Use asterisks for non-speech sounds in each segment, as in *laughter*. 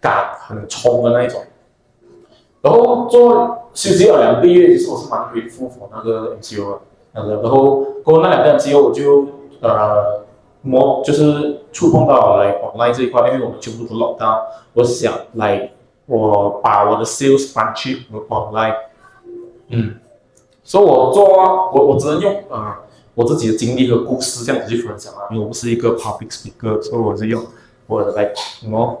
敢很衝的那一種。然後做休息了兩個月，其實我是蠻復活那個 MCO 的，那個，然後過那兩個月之後我就，呃，摸，就是觸碰到來 online 這一塊，因為我們全部都 lock down，我想來，我把我的 sales 搬去 online，嗯，所、so、以我做，我我只能用，啊、呃，我自己的經歷和故事，這樣子去分享啊，因為我不是一個 public speaker，所以我是用我的來摸。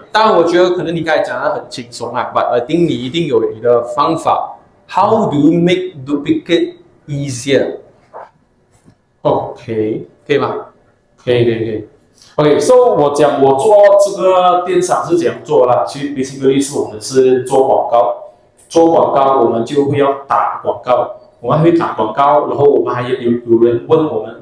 但係，我覺得可能你剛才講嚟很輕鬆啊，but I t h i n 你一定有個方法。How do you make duplicate a s i e r o k 可以嗎？可以，可以，可以。OK，所、okay, 以、okay. okay, so, 我講，我做這個電商是怎樣做啦？basically 是我們是做廣告，做廣告我們就會要打廣告，我們會打廣告，然後我們還有有有人問我們。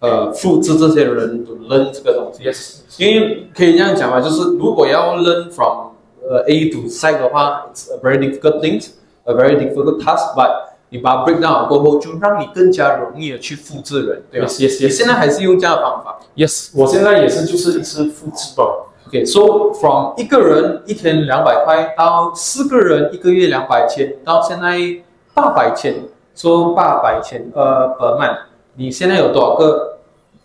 呃，複製這些人都 learn 這個東西，因為可以這樣講嘛，就是如果要 learn from，呃 A to C 嘅話，it's a very difficult thing，a very difficult task。but 你把 break down 過後，就讓你更加容易地去複製人，對吧？Yes yes yes。你現在還是用呢個方法？Yes，我現在也是，就是一直複製本。Okay，so from 一個人一天兩百塊，到四個人一個月兩百千，到現在八百千，so 八百千，呃百萬。你現在有多少個？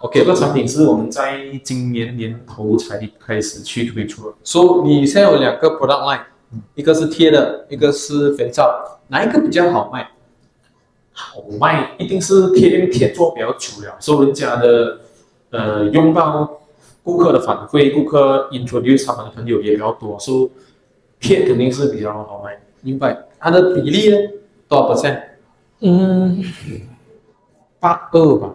OK 這個產品是我們在今年年頭才開始去推出的，所以，so, 你現在有兩個 product line。嗯、一個是貼的，嗯、一個是肥皂。哪一個比較好賣？好賣一定是貼，因為貼做比較久了，嗯、所以人家的呃用到顧客的反饋，顧客 introduce 他們的朋友也比較多，嗯、所以貼肯定是比較好賣。明白。它的比例呢，多少 percent？嗯82吧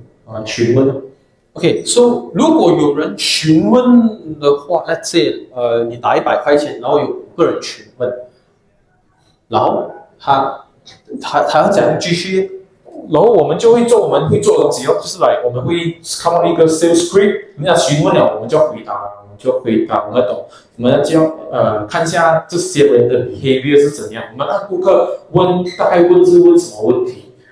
我們詢問，OK，所以如果有人詢問的話，那這呃誒，你打一百塊錢，然後有個人詢問，然後他，他，他要怎樣繼續？然後我們就會做，我們會做，只要就是來，我們會看到一個 sales script。人家詢問了，我們就要回答，我們就要回答，我們要懂。我們就要叫，呃，看一下這些人的 behavior 是怎樣。我們讓顧客問，大概問是問什麼問題？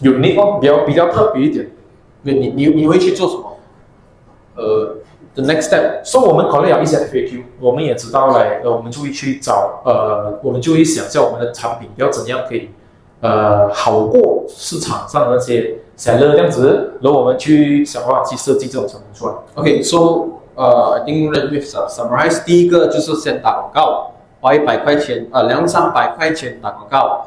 有，unique 哦，比較比較特別一點，嗯、你你你你會去做什麼？呃、uh,，the next step。所以我們考慮下一些 FAQ。我們也知道咧，呃，我們就會去找，呃、uh,，我們就會想象我們的產品要怎樣可以，呃、uh,，好過市場上的那些 seller 嘅樣子，咁我們去想辦法去設計這種產品出來。OK，so, 呃、uh,，I think with a summarize，第一個就是先打廣告，花一百塊錢，呃、啊，兩三百塊錢打廣告。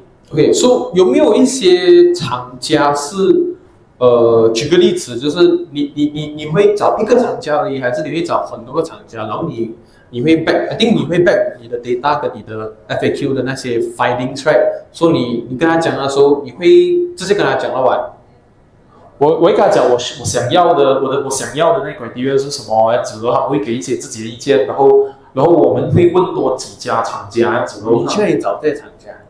OK，所以，有沒有一些廠家是，呃舉個例子，就是你你你你會找一個廠家而已，你還是你會找很多個廠家？然後你你會 back 一定你會 back 你的 data 跟你的 FAQ 的那些 finding track。所以你你跟他講的時候，你會直接跟他講啦，話我我會跟他講，我我想要的，我的我想要的那個 idea 是什麼？子的話，我會給一些自己的意見。然後然後我們會問多幾家廠家，要怎麼？你確定找這些廠家？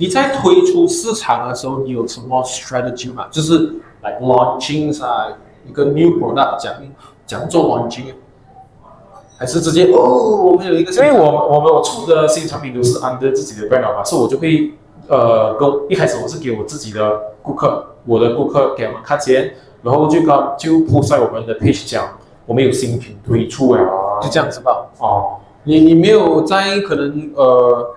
你在推出市場的時候，你有什麼 strategy 嗎？就是 like launching 啊，一個 new product，講講做 launching，還是直接？哦，我們有一個新品，因為我我們我出的新產品都是 under 自己的 brand、er、嘛，所以我就會呃，跟一開始我是給我自己的顧客，我的顧客，給他們看先，然後就咁就鋪曬我們的 page，講我們有新品推出啊，就這樣子吧。哦、啊，你你沒有在可能，呃。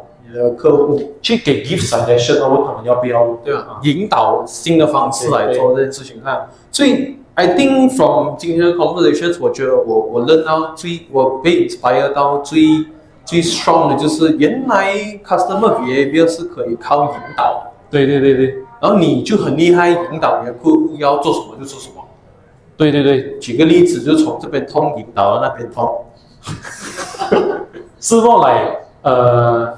客戶去給 give suggestion 或者打尿標，對吧？啊、引導新的方式來做這件事情。哈，所以 I think from 今天的 conversations 我覺得我我 learn 到最我被 inspire 到最最 strong 的，就是原來 customer behavior 是可以靠引導。對對對對。然後你就很厲害，引導你的客戶要做什麼就做什麼。對對對，舉個例子，就從這邊痛引導到那邊痛。是 *laughs* 莫 *laughs* 來呃。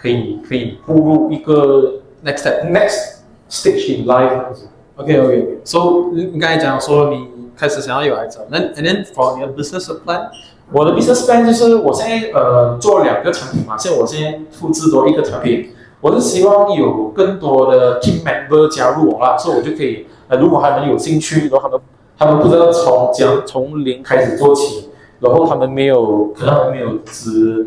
可以可以步入一個 next step，next stage in life。OK OK，所以、so, 你剛才講說你開始想要有孩子。那 and then for your business plan，我的 business plan 就是我現在呃做了兩個產品嘛，像我現在我複製多一個產品。我是希望有更多的 team member 加入我啦，所以我就可以，呃如果他們有興趣，然後他們他們不知道從講從零開始做起，然後他們沒有可能，還沒有資。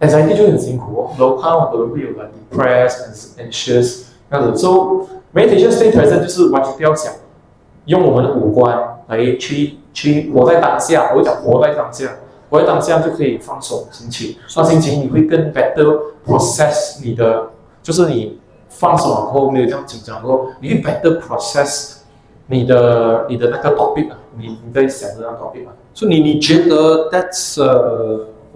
壓力就很辛苦，哦，落班我可能會有個 depressed and anxious 這樣子。so meditation stay present 就是 watch details 用我們的五官來去去活在當下，我會講活在當下，活在當下就可以放鬆心情，放心情，你會更 better process 你的，就是你放鬆完後沒有這樣緊張嗰個，你會 better process 你的你的那個 topic 啊，你嘛 so, 你在想着嗰 topic 啊。所以你你覺得 that's、uh,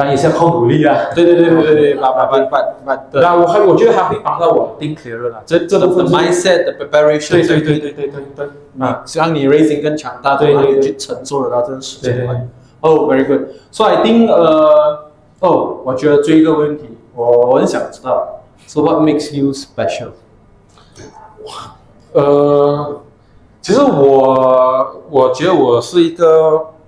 但也是靠努力啊！對對對對對對拉拉拉我我覺得佢會幫助我。Think clear 啦，這這都唔係 mindset preparation。對對對對對對對啊，讓你 rising 更強大，然後你去承受得到真實嘅壓力。Oh, very good. So I think，呃，哦，我覺得這一個問題，我很想知道。So what makes you special？呃，其實我，我覺得我是一個。